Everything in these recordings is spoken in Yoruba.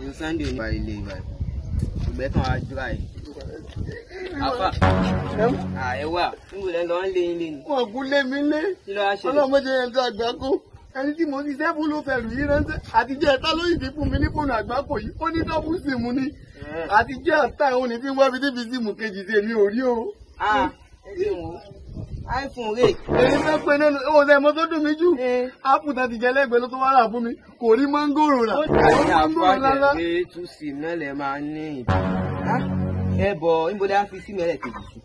ní sunday ní ìbàlẹ̀ ilé ìbàlẹ̀ ìgbẹ́ kan wá dúrà yìí. afa ààyè wà níbo lẹ lọ ń lé ilé ni. wọn kú lé mi lé ọlọmọdé yẹn tó àgbákò ẹni tí mo ti sẹ́fù ló fẹ̀rù yìí ránṣẹ́ àtijọ́ ẹ̀ta ló yìí ti fún mi ní fóònù àgbákò yìí ó ní dọ́bù síìmù ni eh. àtijọ́ ẹ̀ta òun ní fi wá fi débi síìmù kejì sí èmi ò rí o iphone rè. èyí fẹ́ pé nínú ó ṣe mo tó dùn mí jù ápù tá ti jẹ lẹ́gbẹ̀ẹ́ ló tó wá rà fún mi kò rí mángòrò rà. ó ní àpò àjẹ pé two sim náà lè máa ní ìbá. ẹ bọ níbo dá fi sim ẹlẹ́kejì sí.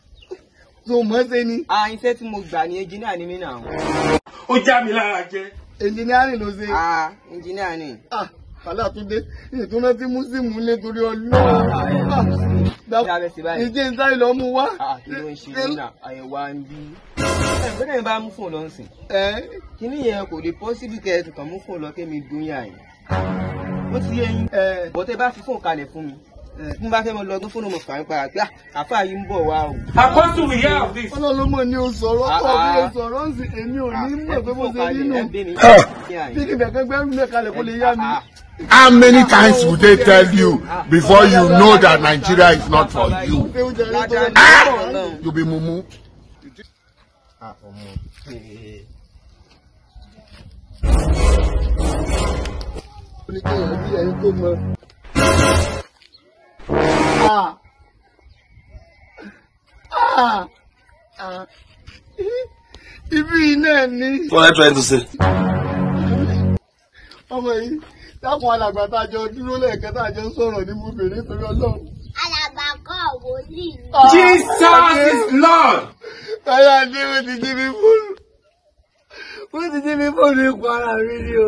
tó mọ̀ ṣe ni. a iṣẹ́ tí mo gbà ní ẹnjìnìá ni mí nà. ó já mi lára jẹ. ẹnjìnìá ni ló ṣe. ah ẹnjìnìá ni. ah alátúndé ìtúná tí músìmù lé torí ọlọ́run ah, ah, ìjẹ́ ìsáyìí lọ́mú wá. àkìlọ́ ah, ń ṣe eh, ní àyẹ̀wò à ń bí bẹ́ẹ̀ ni bá mú fóònù lọ sìn kíní yẹn kò lè pọ́sibú kẹ́ ẹ kàn mú fóònù lọ kémi dúnyà yìí ó ti yé yín bọ́tẹ́ bá fi fóònù kalẹ̀ fún mi bí mo bá fẹ́ mọ lọ gbé fóònù mọ̀ fà ń pa àgbà ah, àfáà yìí ń bọ̀ wá o. àkọ́sù ìyá ọ̀dí. ọlọ́lọ́mọ ni o sọ̀rọ̀ kọ́ ah, mi o ah. sọ̀rọ̀ ń sìn èmi ò ní mọ̀ pé mo ṣe nínú. bí kìí bẹ̀ẹ́ How many times would they tell you before you know that Nigeria is not for you? Ah! You be mumu. Ah, ah. Ah. ibi iná ni. what are you trying to say. ọmọ yìí dákun alàgbà tá a jọ dúró lẹ́ẹ̀kan tá a jọ sọ̀rọ̀ ní mo bèrè nítorí ọlọ́run. alàgbà kọ́ wòlíì. Jesus is Lord. Tọ́lá dé wọ́n ti jí mi fóònù. Wọ́n ti jí mi fóònù ipò ara mi ni o.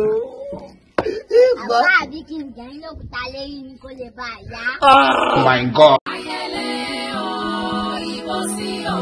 Ìgbà. Àwọn àbí kí n jẹ́ lókùtà lẹ́yìn ni kò lè bá a yá. Ah. Oh my God. Ayẹlẹ ọ̀ ìbọn sí ọ̀.